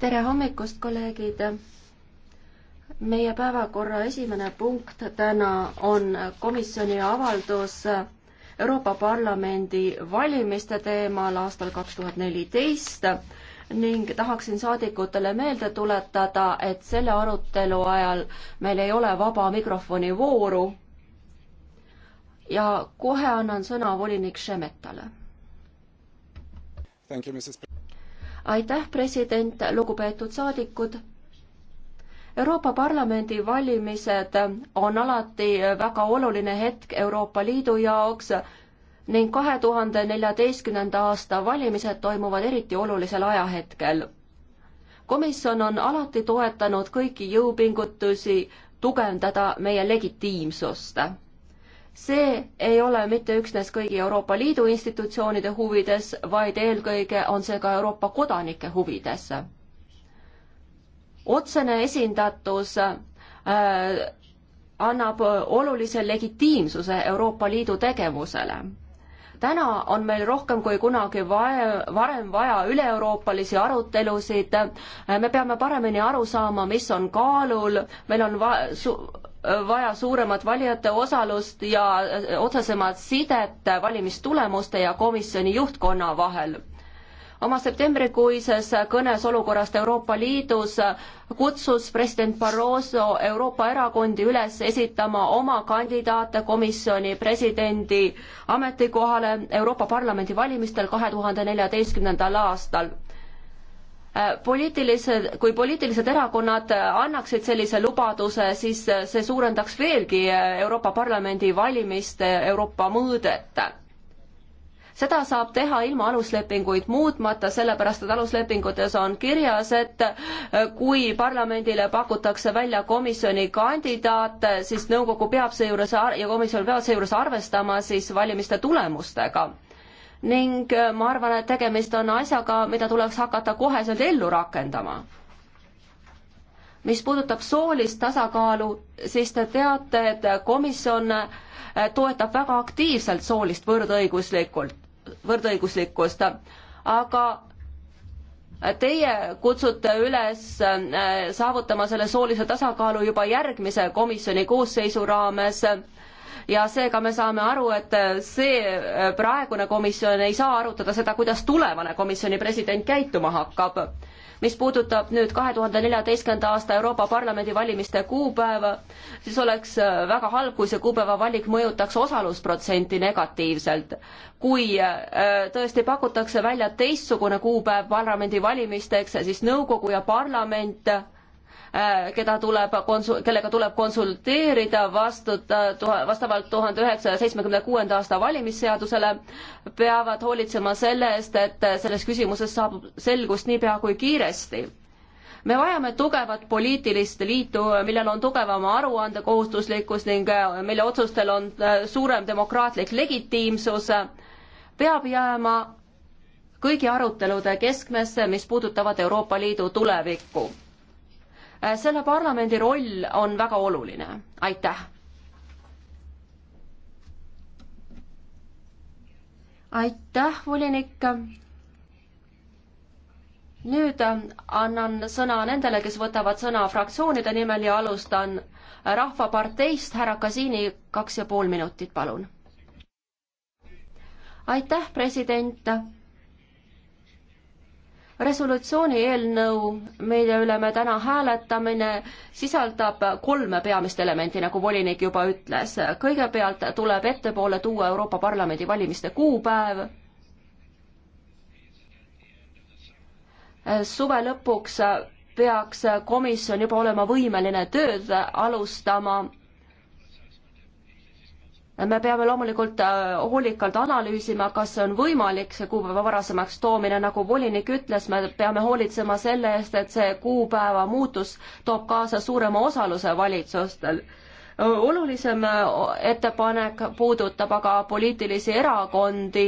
tere hommikust, kolleegid! meie päevakorra esimene punkt täna on komisjoni avaldus Euroopa Parlamendi valimiste teemal aastal kaks tuhat neliteist ning tahaksin saadikutele meelde tuletada, et selle arutelu ajal meil ei ole vaba mikrofoni vooru. ja kohe annan sõna volinik Šemetale aitäh, president, lugupeetud saadikud. Euroopa Parlamendi valimised on alati väga oluline hetk Euroopa Liidu jaoks ning kahe tuhande neljateistkümnenda aasta valimised toimuvad eriti olulisel ajahetkel. komisjon on alati toetanud kõiki jõupingutusi tugevdada meie legitiimsust see ei ole mitte üksnes kõigi Euroopa Liidu institutsioonide huvides, vaid eelkõige on see ka Euroopa kodanike huvides. otsene esindatus äh, annab olulise legitiimsuse Euroopa Liidu tegevusele täna on meil rohkem kui kunagi vae, varem vaja üle-euroopalisi arutelusid, me peame paremini aru saama, mis on kaalul, meil on va-, su-, vaja suuremat valijate osalust ja äh, otsesemat sidet valimistulemuste ja komisjoni juhtkonna vahel oma septembrikuises kõnes olukorrast Euroopa Liidus kutsus president Barroso Euroopa erakondi üles esitama oma kandidaate komisjoni presidendi ametikohale Euroopa Parlamendi valimistel kahe tuhande neljateistkümnendal aastal. Äh, poliitilised, kui poliitilised erakonnad äh, annaksid sellise lubaduse, siis äh, see suurendaks veelgi Euroopa Parlamendi valimiste Euroopa mõõdet. seda saab teha ilma aluslepinguid muutmata, sellepärast et aluslepingutes on kirjas, et kui parlamendile pakutakse välja komisjoni kandidaat, siis nõukogu peab seejuures ja komisjon peab seejuures arvestama siis valimiste tulemustega ning äh, ma arvan, et tegemist on asjaga, mida tuleks hakata koheselt ellu rakendama. mis puudutab soolist tasakaalu, siis te teate, et komisjon äh, toetab väga aktiivselt soolist võrdõiguslikult, võrdõiguslikkust, aga Teie kutsute üles äh, saavutama selle soolise tasakaalu juba järgmise komisjoni koosseisu raames ja seega me saame aru, et see äh, praegune komisjon ei saa arutada seda, kuidas tulevane komisjoni president käituma hakkab. mis puudutab nüüd kahe tuhande neljateistkümnenda aasta Euroopa Parlamendi valimiste kuupäeva, siis oleks äh, väga halb, kui see kuupäeva valik mõjutaks osalusprotsenti negatiivselt. kui äh, tõesti pakutakse välja teistsugune kuupäev parlamendi valimisteks, siis nõukogu ja parlament Äh, keda tuleb konsu-, kellega tuleb konsulteerida vastuta, vastavalt tuhande üheksasaja seitsmekümne kuuenda aasta valimisseadusele, peavad hoolitsema selle eest, et selles küsimuses saabub selgust niipea kui kiiresti me vajame tugevat poliitilist liitu, millel on tugevama aruandekohustuslikkus ning äh, mille otsustel on äh, suurem demokraatlik legitiimsus, peab jääma kõigi arutelude keskmesse, mis puudutavad Euroopa Liidu tulevikku Äh, selle parlamendi roll on väga oluline, aitäh. aitäh, volinik. nüüd äh, annan sõna nendele, kes võtavad sõna fraktsioonide nimel ja alustan äh, Rahvaparteist, härra Kasiini, kaks ja pool minutit, palun. aitäh, president resolutsiooni eelnõu, mille üle me täna hääletamine, sisaldab kolme peamist elementi, nagu volinik juba ütles. kõigepealt tuleb ettepoole tuua Euroopa Parlamendi valimiste kuupäev. suve lõpuks peaks komisjon juba olema võimeline tööd alustama me peame loomulikult äh, hoolikalt analüüsima, kas see on võimalik, see kuupäeva varasemaks toomine, nagu volinik ütles, me peame hoolitsema selle eest, et see kuupäeva muutus toob kaasa suurema osaluse valitsustel. Äh, olulisem äh, ettepanek puudutab aga poliitilisi erakondi.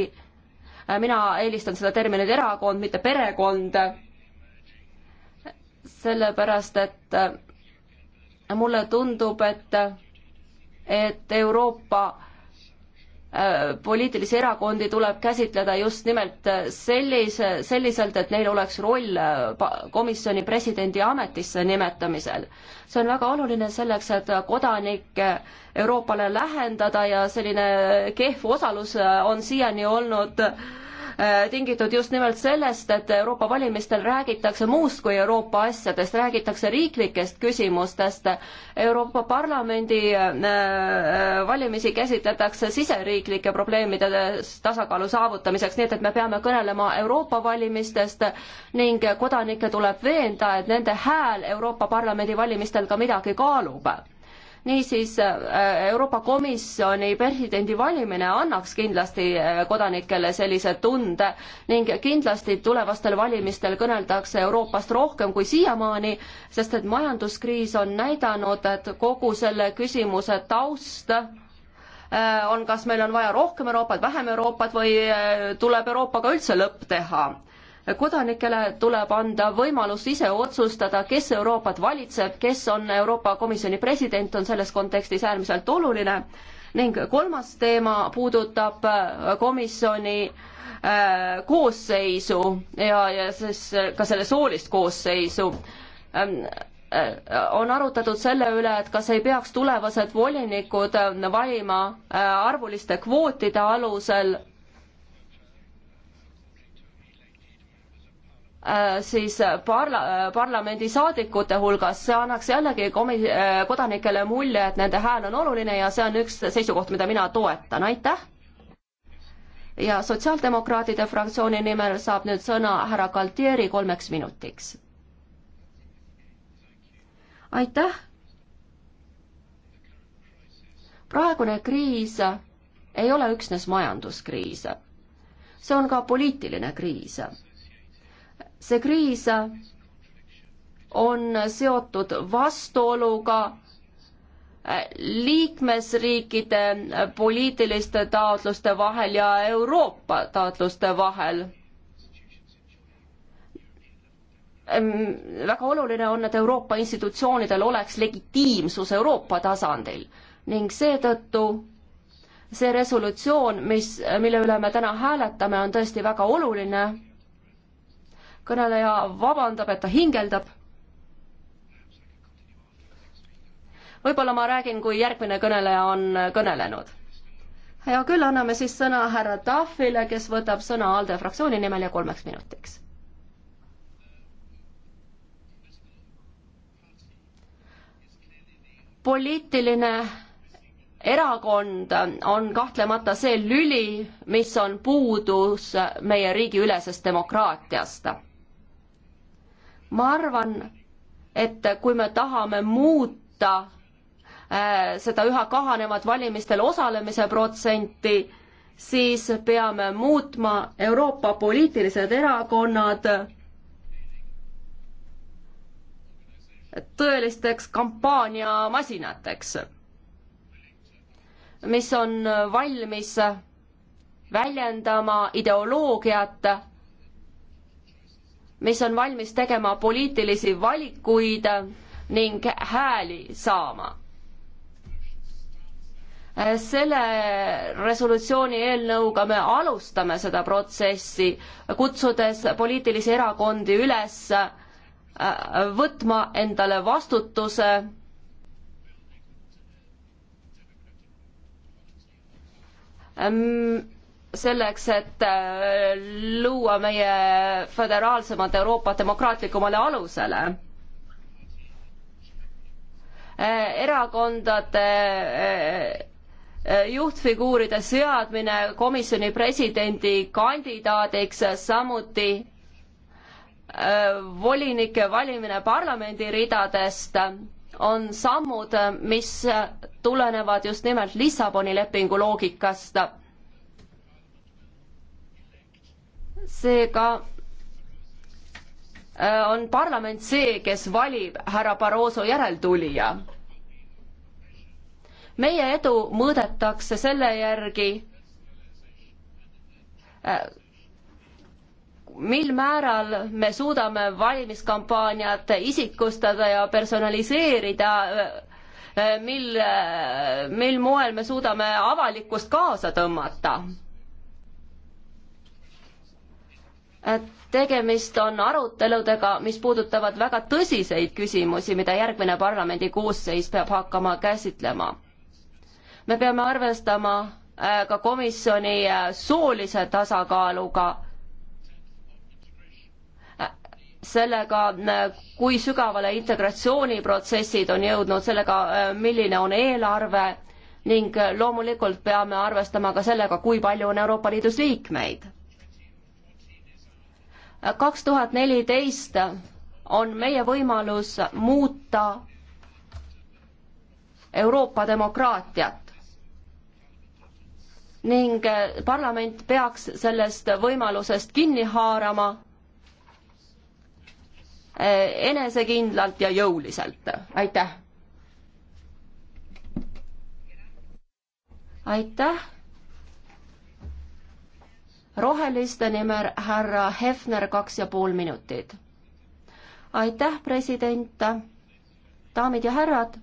mina eelistan seda terminit erakond, mitte perekond. sellepärast, et mulle tundub, et et Euroopa äh, poliitilisi erakondi tuleb käsitleda just nimelt äh, sellise, selliselt, et neil oleks roll äh, komisjoni presidendi ametisse nimetamisel. see on väga oluline selleks, et kodanikke Euroopale lähendada ja selline kehv osalus on siiani olnud äh, Äh, tingitud just nimelt sellest, et Euroopa valimistel räägitakse muust kui Euroopa asjadest, räägitakse riiklikest küsimustest. Euroopa Parlamendi äh, äh, valimisi käsitletakse siseriiklike probleemide tasakaalu saavutamiseks, nii et, et me peame kõnelema Euroopa valimistest ning kodanikke tuleb veenda, et nende hääl Euroopa Parlamendi valimistel ka midagi kaalub niisiis äh, Euroopa Komisjoni presidendi valimine annaks kindlasti äh, kodanikele sellise tunde ning kindlasti tulevastel valimistel kõneldakse Euroopast rohkem kui siiamaani, sest et majanduskriis on näidanud, et kogu selle küsimuse taust äh, on, kas meil on vaja rohkem Euroopat, vähem Euroopat või tuleb Euroopaga üldse lõpp teha kodanikele tuleb anda võimalus ise otsustada, kes Euroopat valitseb, kes on Euroopa Komisjoni president, on selles kontekstis äärmiselt oluline ning kolmas teema puudutab äh, komisjoni äh, koosseisu ja, ja siis äh, ka selle soolist koosseisu ähm, on arutatud selle üle, et kas ei peaks tulevased volinikud valima arvuliste kvootide alusel Äh, siis äh, parla-, äh, parlamendisaadikute hulgas, see annaks jällegi komi-, kodanikele mulje, et nende hääl on oluline ja see on üks seisukoht, mida mina toetan, aitäh! ja Sotsiaaldemokraatide fraktsiooni nimel saab nüüd sõna härra Galtieri kolmeks minutiks. aitäh! praegune kriis ei ole üksnes majanduskriis, see on ka poliitiline kriis see kriis on seotud vastuoluga äh, liikmesriikide poliitiliste taotluste vahel ja Euroopa taotluste vahel. Ehm, väga oluline on, et Euroopa institutsioonidel oleks legitiimsus Euroopa tasandil ning seetõttu see resolutsioon, mis, mille üle me täna hääletame, on tõesti väga oluline kõneleja vabandab, et ta hingeldab. võib-olla ma räägin, kui järgmine kõneleja on kõnelenud. hea küll, anname siis sõna härra Tahvile, kes võtab sõna ALDE fraktsiooni nimel ja kolmeks minutiks. poliitiline erakond on kahtlemata see lüli, mis on puudus meie riigiülesest demokraatiast ma arvan, et kui me tahame muuta äh, seda üha kahanevat valimistel osalemise protsenti, siis peame muutma Euroopa poliitilised erakonnad tõelisteks kampaaniamasinateks, mis on valmis väljendama ideoloogiat mis on valmis tegema poliitilisi valikuid ning hääli saama. selle resolutsiooni eelnõuga me alustame seda protsessi, kutsudes poliitilisi erakondi üles äh, võtma endale vastutuse ähm, selleks, et äh, luua meie föderaalsemat Euroopat demokraatlikumale alusele. Äh, erakondade äh, juhtfiguuride seadmine komisjoni presidendi kandidaadiks, samuti volinike valimine parlamendi ridadest on sammud, mis tulenevad just nimelt Lissaboni lepingu loogikast seega äh, on parlament see, kes valib härra Barroso järeltulija. meie edu mõõdetakse selle järgi, äh, mil määral me suudame valimiskampaaniat isikustada ja personaliseerida, äh, mil, mil moel me suudame avalikkust kaasa tõmmata Äh, tegemist on aruteludega, mis puudutavad väga tõsiseid küsimusi, mida järgmine parlamendi koosseis peab hakkama käsitlema. me peame arvestama äh, ka komisjoni äh, soolise tasakaaluga, sellega, kui sügavale integratsiooniprotsessid on jõudnud, sellega, milline on eelarve ning loomulikult peame arvestama ka sellega, kui palju on Euroopa Liidus liikmeid kaks tuhat neliteist on meie võimalus muuta Euroopa demokraatiat. ning parlament peaks sellest võimalusest kinni haarama eh, enesekindlalt ja jõuliselt. aitäh! aitäh! roheliste nimel härra Hefner, kaks ja pool minutit. aitäh, president, daamid ja härrad.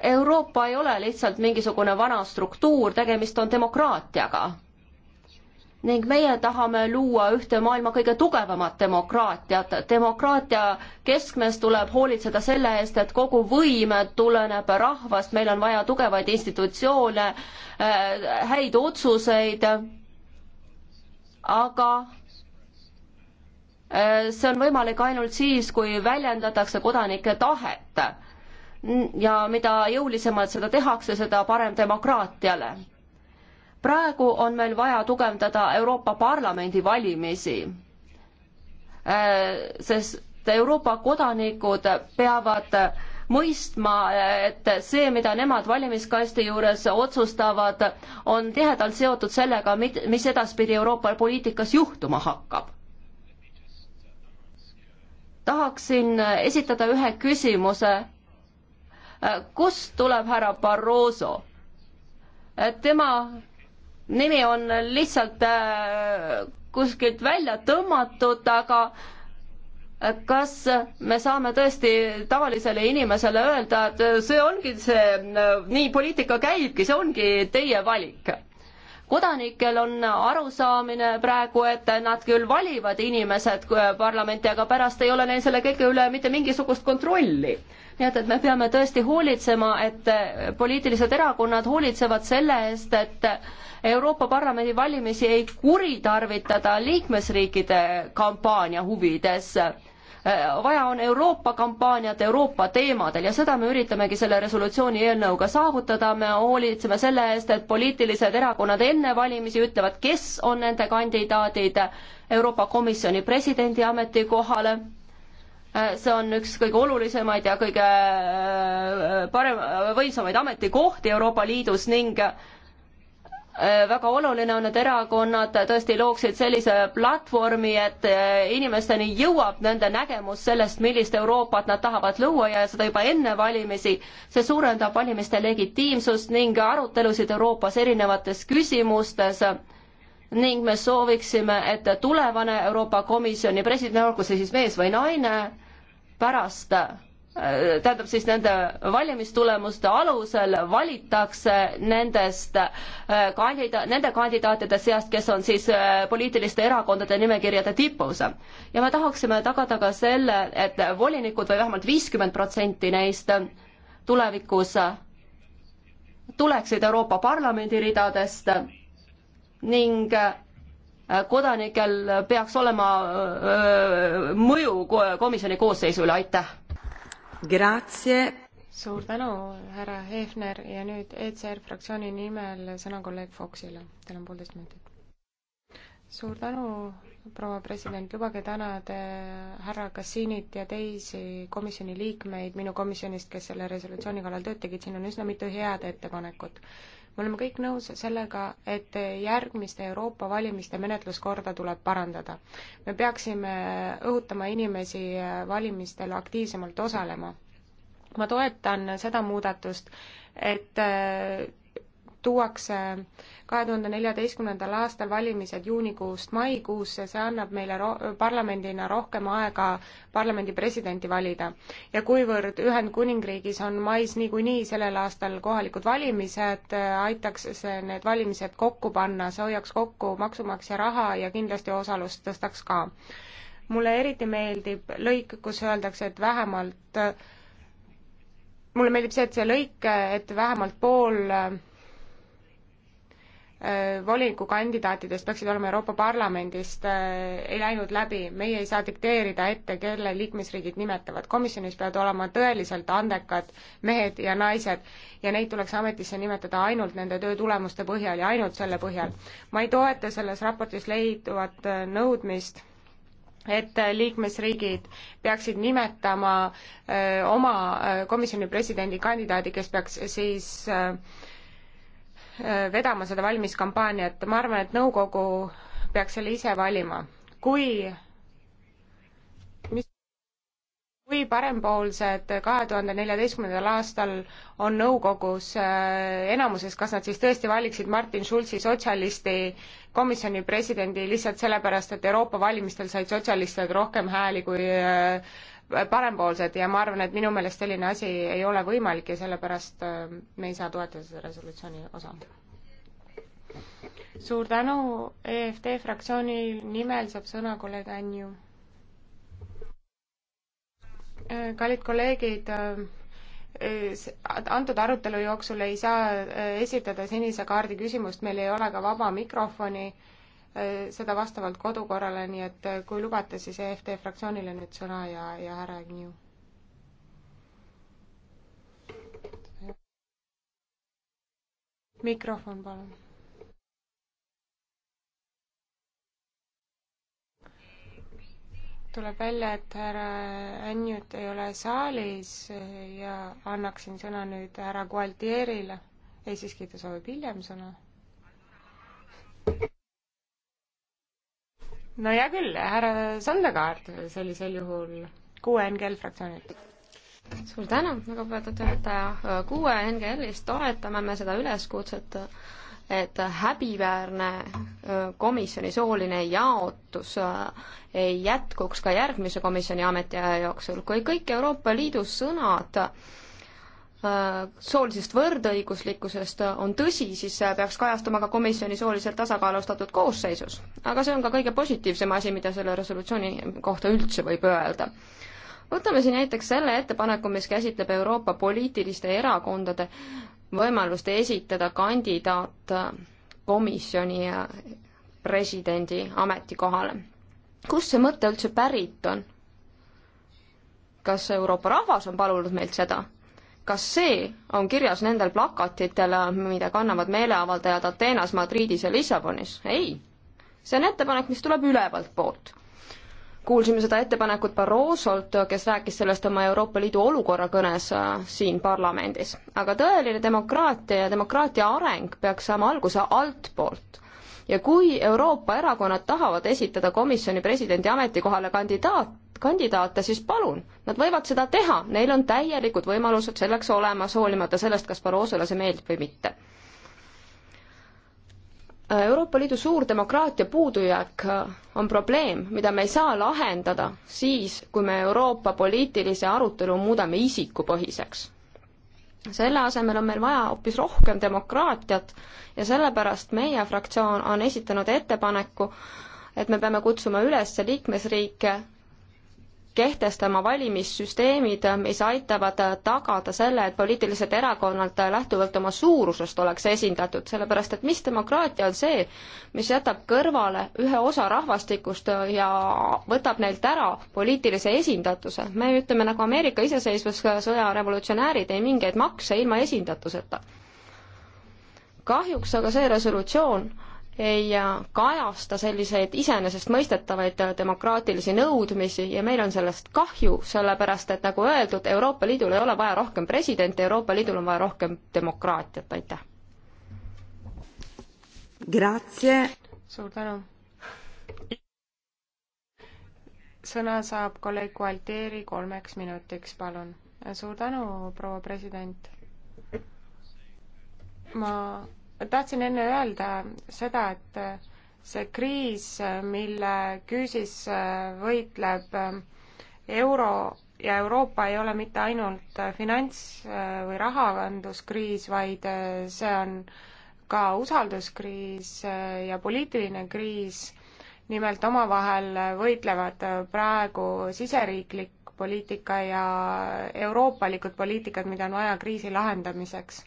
Euroopa ei ole lihtsalt mingisugune vana struktuur, tegemist on demokraatiaga ning meie tahame luua ühte maailma kõige tugevamat demokraatiat. demokraatia keskmes tuleb hoolitseda selle eest, et kogu võim tuleneb rahvast, meil on vaja tugevaid institutsioone, äh, häid otsuseid, aga äh, see on võimalik ainult siis, kui väljendatakse kodanike tahet. ja mida jõulisemalt seda tehakse, seda parem demokraatiale praegu on meil vaja tugevdada Euroopa Parlamendi valimisi, äh, sest Euroopa kodanikud peavad mõistma, et see, mida nemad valimiskasti juures otsustavad, on tihedalt seotud sellega, mis edaspidi Euroopa poliitikas juhtuma hakkab. tahaksin esitada ühe küsimuse. Äh, kust tuleb härra Barroso? Äh, tema nimi on lihtsalt äh, kuskilt välja tõmmatud, aga kas me saame tõesti tavalisele inimesele öelda, et see ongi see, nii poliitika käibki, see ongi teie valik? kodanikel on arusaamine praegu, et nad küll valivad inimesed äh, parlamenti, aga pärast ei ole neil selle kõige üle mitte mingisugust kontrolli. nii et, et me peame tõesti hoolitsema, et äh, poliitilised erakonnad hoolitsevad selle eest, et Euroopa Parlamendi valimisi ei kuritarvitada liikmesriikide kampaania huvides Äh, vaja on Euroopa kampaaniat Euroopa teemadel ja seda me üritamegi selle resolutsiooni eelnõuga saavutada, me hoolitseme selle eest, et poliitilised erakonnad enne valimisi ütlevad, kes on nende kandidaadid Euroopa Komisjoni presidendi ametikohale äh, see on üks kõige olulisemaid ja kõige äh, parem, võimsamaid ametikohti Euroopa Liidus ning Äh, väga oluline on, et erakonnad tõesti looksid sellise platvormi, et äh, inimesteni jõuab nende nägemus sellest, millist Euroopat nad tahavad luua ja seda juba enne valimisi. see suurendab valimiste legitiimsust ning arutelusid Euroopas erinevates küsimustes ning me sooviksime, et tulevane Euroopa Komisjoni president, olgu see siis mees või naine, pärast tähendab siis nende valimistulemuste alusel valitakse nendest äh, kandida-, nende kandidaatide seast, kes on siis äh, poliitiliste erakondade nimekirjade tipus. ja me tahaksime tagada ka selle, et volinikud või vähemalt viiskümmend protsenti neist tulevikus tuleksid Euroopa Parlamendi ridadest ning äh, kodanikel peaks olema mõju komisjoni koosseisu üle, aitäh suur tänu, härra Hefner ja nüüd ECR fraktsiooni nimel sõna kolleeg Foxile, teil on poolteist minutit. suur tänu, proua president, lubage tänada härra Kassinit ja teisi komisjoni liikmeid minu komisjonist, kes selle resolutsiooni kallal tööd tegid, siin on üsna mitu head ettepanekut me oleme kõik nõus sellega, et järgmiste Euroopa valimiste menetluskorda tuleb parandada. me peaksime õhutama inimesi valimistel aktiivsemalt osalema. ma toetan seda muudatust, et tuuakse kahe tuhande neljateistkümnendal aastal valimised juunikuust maikuusse, see annab meile ro-, parlamendina rohkem aega parlamendi presidenti valida. ja kuivõrd Ühendkuningriigis on mais niikuinii sellel aastal kohalikud valimised, aitaks see need valimised kokku panna, see hoiaks kokku maksumaksja raha ja kindlasti osalust tõstaks ka. mulle eriti meeldib lõik, kus öeldakse, et vähemalt mulle meeldib see, et see lõik, et vähemalt pool Äh, volikogu kandidaatidest peaksid olema Euroopa Parlamendist, äh, ei läinud läbi, meie ei saa dikteerida ette, kelle liikmesriigid nimetavad. komisjonis peavad olema tõeliselt andekad mehed ja naised ja neid tuleks ametisse nimetada ainult nende töö tulemuste põhjal ja ainult selle põhjal. ma ei toeta selles raportis leiduvat äh, nõudmist et liikmesriigid peaksid nimetama öö, oma komisjoni presidendi kandidaadi, kes peaks siis öö, Eh, vedama seda valimiskampaaniat, ma arvan, et nõukogu peaks selle ise valima. kui mis, kui parempoolsed kahe tuhande neljateistkümnendal aastal on nõukogus eh, enamuses, kas nad siis tõesti valiksid Martin Schulzi sotsialisti komisjoni presidendi lihtsalt sellepärast, et Euroopa valimistel said sotsialistid rohkem hääli kui eh, parempoolsed ja ma arvan, et minu meelest selline asi ei ole võimalik ja sellepärast äh, me ei saa toetada seda resolutsiooni osa. suur tänu, EFD fraktsiooni nimel saab sõna kolleeg Anju. Äh, kallid kolleegid, äh, antud arutelu jooksul ei saa esitada sinise kaardi küsimust, meil ei ole ka vaba mikrofoni Äh, seda vastavalt kodukorrale, nii et äh, kui lubate, siis EFT fraktsioonile nüüd sõna ja, ja härra Agniu. mikrofon, palun. tuleb välja, et härra Anjut ei ole saalis äh, ja annaksin sõna nüüd härra Gualtierile. ei, siiski ta soovib hiljem sõna no hea küll, härra Sandekaart sellisel juhul kuue NGL fraktsioonilt. suur tänu, lugupeetud juhataja, kuue NGL-ist toetame me seda üleskutset, et häbiväärne komisjoni sooline jaotus ei jätkuks ka järgmise komisjoni ametiaja jooksul, kui kõik Euroopa Liidu sõnad Äh, soolisest võrdõiguslikkusest on tõsi, siis see peaks kajastuma ka komisjoni sooliselt tasakaalustatud koosseisus. aga see on ka kõige positiivsem asi, mida selle resolutsiooni kohta üldse võib öelda. võtame siin näiteks selle ettepaneku, mis käsitleb Euroopa poliitiliste erakondade võimalust esitada kandidaat komisjoni presidendi ametikohale. kust see mõte üldse pärit on? kas Euroopa rahvas on palunud meilt seda? kas see on kirjas nendel plakatitel, mida kannavad meeleavaldajad Ateenas, Madridis ja Lissabonis? ei. see on ettepanek, mis tuleb ülevalt poolt. kuulsime seda ettepanekut Barrosolt, kes rääkis sellest oma Euroopa Liidu olukorra kõnes äh, siin parlamendis. aga tõeline demokraatia ja demokraatia areng peaks saama alguse altpoolt ja kui Euroopa erakonnad tahavad esitada komisjoni presidendi ametikohale kandidaat, kandidaate, siis palun, nad võivad seda teha, neil on täielikud võimalused selleks olemas, hoolimata sellest, kas Barrosole see meeldib või mitte. Euroopa Liidu suur demokraatia puudujääk on probleem, mida me ei saa lahendada siis, kui me Euroopa poliitilise arutelu muudame isikupõhiseks. selle asemel on meil vaja hoopis rohkem demokraatiat ja sellepärast meie fraktsioon on esitanud ettepaneku, et me peame kutsuma üles liikmesriike kehtestama valimissüsteemid, mis aitavad tagada selle, et poliitilised erakonnad lähtuvalt oma suurusest oleks esindatud, sellepärast et mis demokraatia on see, mis jätab kõrvale ühe osa rahvastikust ja võtab neilt ära poliitilise esindatuse. me ütleme nagu Ameerika iseseisvussõja revolutsionäärid, ei mingeid makse ilma esindatuseta. kahjuks aga see resolutsioon ei äh, kajasta selliseid iseenesestmõistetavaid äh, demokraatilisi nõudmisi ja meil on sellest kahju, sellepärast et nagu öeldud, Euroopa Liidul ei ole vaja rohkem presidenti, Euroopa Liidul on vaja rohkem demokraatiat, aitäh. Grazie. suur tänu. sõna saab kolleeg Gualtieri kolmeks minutiks, palun. suur tänu, proua president. ma tahtsin enne öelda seda, et äh, see kriis, äh, mille küüsis äh, võitleb euro ja Euroopa ei ole mitte ainult finants- või rahanduskriis, vaid see on ka usalduskriis ja poliitiline kriis. nimelt omavahel võitlevad praegu siseriiklik poliitika ja euroopalikud poliitikad, mida on vaja kriisi lahendamiseks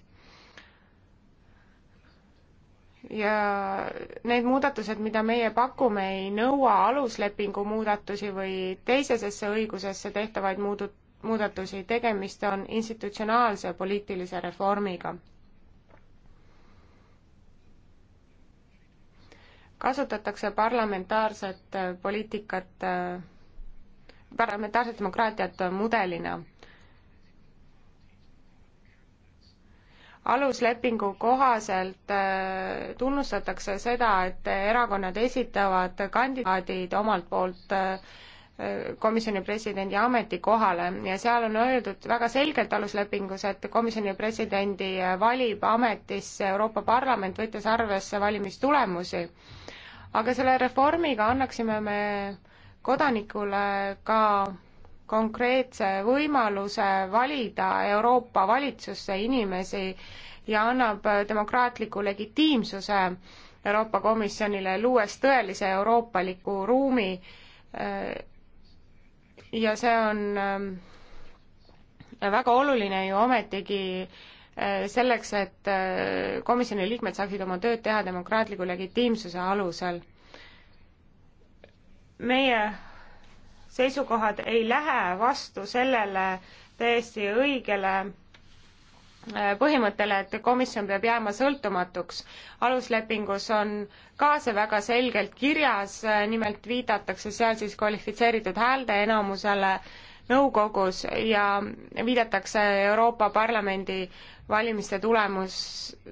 ja need muudatused, mida meie pakume, ei nõua aluslepingu muudatusi või teisesesse õigusesse tehtavaid muudu-, muudatusi, tegemist on institutsionaalse poliitilise reformiga. kasutatakse parlamentaarset poliitikat, äh, parlamentaarset demokraatiat mudelina aluslepingu kohaselt äh, tunnustatakse seda, et erakonnad esitavad kandidaadid omalt poolt äh, komisjoni presidendi ametikohale ja seal on öeldud väga selgelt aluslepingus, et komisjoni presidendi valib ametisse Euroopa Parlament, võttes arvesse valimistulemusi. aga selle reformiga annaksime me kodanikule ka konkreetse võimaluse valida Euroopa valitsusse inimesi ja annab demokraatliku legitiimsuse Euroopa Komisjonile, luues tõelise euroopaliku ruumi. ja see on ähm, väga oluline ju ometigi äh, selleks, et äh, komisjoni liikmed saaksid oma tööd teha demokraatliku legitiimsuse alusel. meie seisukohad ei lähe vastu sellele täiesti õigele äh, põhimõttele, et komisjon peab jääma sõltumatuks. aluslepingus on ka see väga selgelt kirjas, äh, nimelt viidatakse seal siis kvalifitseeritud häälteenamusele äh, nõukogus ja viidatakse Euroopa Parlamendi valimiste tulemus,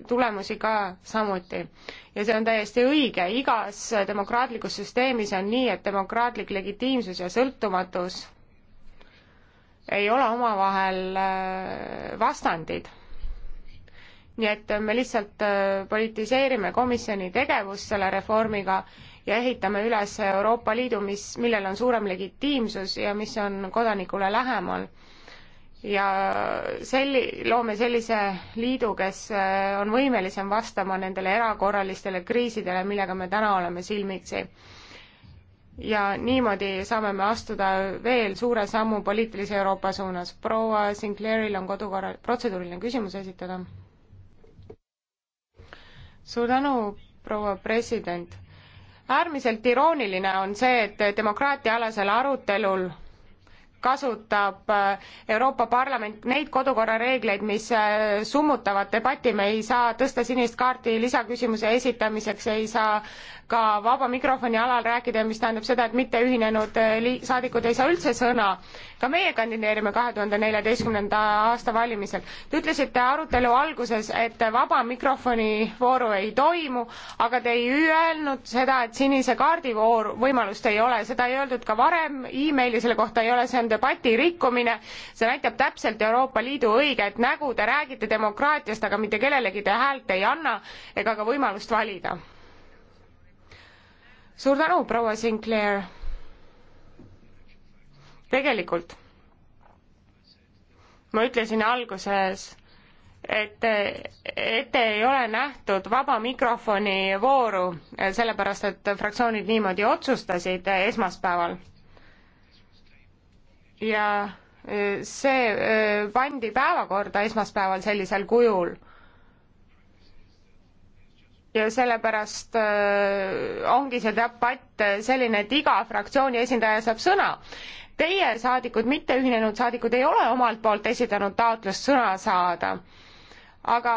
tulemusi ka samuti. ja see on täiesti õige, igas demokraatlikus süsteemis on nii, et demokraatlik legitiimsus ja sõltumatus ei ole omavahel äh, vastandid nii et me lihtsalt äh, politiseerime komisjoni tegevust selle reformiga ja ehitame üles Euroopa Liidu, mis, millel on suurem legitiimsus ja mis on kodanikule lähemal. ja selli-, loome sellise liidu, kes äh, on võimelisem vastama nendele erakorralistele kriisidele, millega me täna oleme silmitsi ja niimoodi saame me astuda veel suure sammu poliitilise Euroopa suunas. proua Sinclairil on kodukorra, protseduuriline küsimus esitada. suur tänu, proua president äärmiselt irooniline on see, et demokraatiaalasel arutelul kasutab äh, Euroopa Parlament neid kodukorrareegleid, mis äh, summutavad debatti, me ei saa tõsta sinist kaarti lisaküsimuse esitamiseks, ei saa ka vaba mikrofoni alal rääkida, mis tähendab seda, et mitte ühinenud äh, saadikud ei saa üldse sõna. ka meie kandideerime kahe tuhande neljateistkümnenda aasta valimisel. Te ütlesite arutelu alguses, et vaba mikrofoni vooru ei toimu, aga te ei öelnud seda, et sinise kaardi voor, võimalust ei ole, seda ei öeldud ka varem e, emaili selle kohta ei ole, see on on debati rikkumine, see näitab täpselt Euroopa Liidu õiget nägu, te räägite demokraatiast, aga mitte kellelegi te häält ei anna ega ka võimalust valida. suur tänu, proua Sinclair. tegelikult ma ütlesin alguses et ette ei ole nähtud vaba mikrofoni vooru, sellepärast et fraktsioonid niimoodi otsustasid esmaspäeval ja e, see e, pandi päevakorda esmaspäeval sellisel kujul. ja sellepärast e, ongi see debatt selline, et iga fraktsiooni esindaja saab sõna. Teie saadikud, mitteühinenud saadikud ei ole omalt poolt esitanud taotlust sõna saada, aga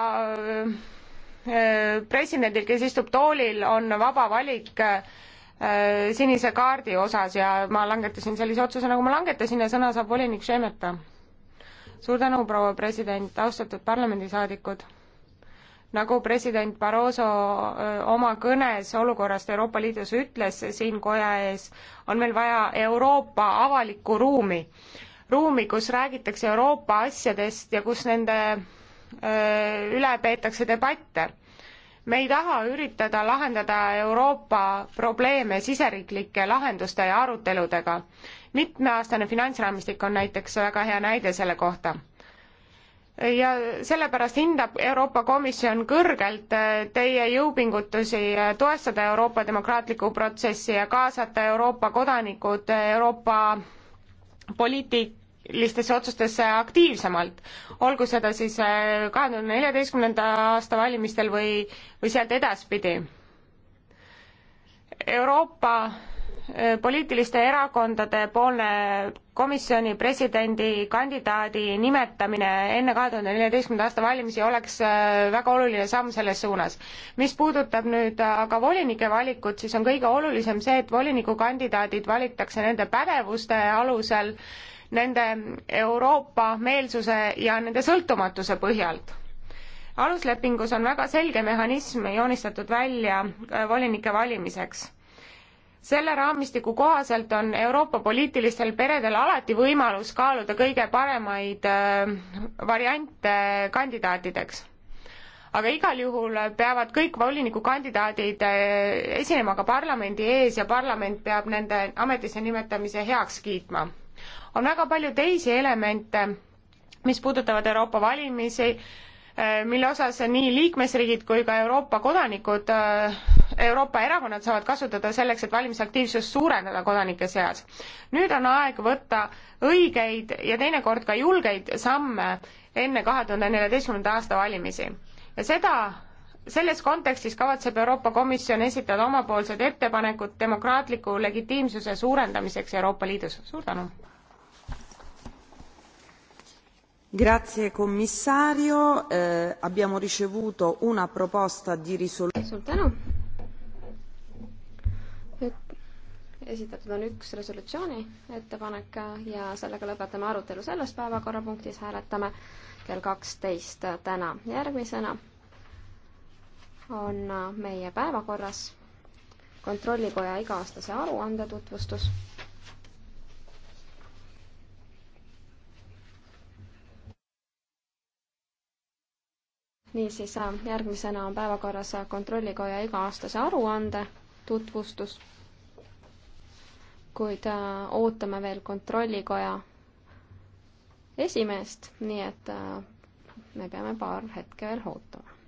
presidendil, kes istub toolil, on vaba valik äh, Äh, sinise kaardi osas ja ma langetasin sellise otsuse, nagu ma langetasin ja sõna saab volinik Šemeta. suur tänu, proua president, austatud parlamendisaadikud! nagu president Barroso äh, oma kõnes olukorrast Euroopa Liidus ütles siin koja ees, on meil vaja Euroopa avalikku ruumi. ruumi, kus räägitakse Euroopa asjadest ja kus nende öö, äh, üle peetakse debatte me ei taha üritada lahendada Euroopa probleeme siseriiklike lahenduste ja aruteludega. mitmeaastane finantsraamistik on näiteks väga hea näide selle kohta. ja sellepärast hindab Euroopa Komisjon kõrgelt teie jõupingutusi toestada Euroopa demokraatlikku protsessi ja kaasata Euroopa kodanikud Euroopa poliitik-, poliitilistesse otsustesse aktiivsemalt, olgu seda siis äh, kahe tuhande neljateistkümnenda aasta valimistel või, või sealt edaspidi. Euroopa äh, poliitiliste erakondade poolne komisjoni presidendikandidaadi nimetamine enne kahe tuhande neljateistkümnenda aasta valimisi oleks äh, väga oluline samm selles suunas. mis puudutab nüüd aga volinike valikut, siis on kõige olulisem see, et volinikukandidaadid valitakse nende pädevuste alusel äh, nende Euroopa meelsuse ja nende sõltumatuse põhjalt. aluslepingus on väga selge mehhanism joonistatud välja äh, volinike valimiseks selle raamistiku kohaselt on Euroopa poliitilistel peredel alati võimalus kaaluda kõige paremaid äh, variante kandidaatideks. aga igal juhul peavad kõik volinikukandidaadid äh, esinema ka parlamendi ees ja parlament peab nende ametisse nimetamise heaks kiitma on väga palju teisi elemente, mis puudutavad Euroopa valimisi, eh, mille osas nii liikmesriigid kui ka Euroopa kodanikud, eh, Euroopa erakonnad saavad kasutada selleks, et valimisaktiivsust suurendada kodanike seas. nüüd on aeg võtta õigeid ja teinekord ka julgeid samme enne kahe tuhande neljateistkümnenda aasta valimisi ja seda selles kontekstis kavatseb Euroopa Komisjon esitada omapoolsed ettepanekud demokraatliku legitiimsuse suurendamiseks Euroopa Liidus. suur tänu! Grazie commissario, eh, abbiamo ricevuto una proposta di risoluzione. suur tänu! esitatud on üks resolutsiooni ettepanek ja sellega lõpetame arutelu selles päevakorrapunktis, hääletame kell kaksteist täna. järgmisena on meie päevakorras kontrollikoja iga-aastase aruande tutvustus. niisiis, järgmisena on päevakorras kontrollikoja iga-aastase aruande tutvustus, kuid äh, ootame veel kontrollikoja esimeest, nii et äh, me peame paar hetke veel ootama.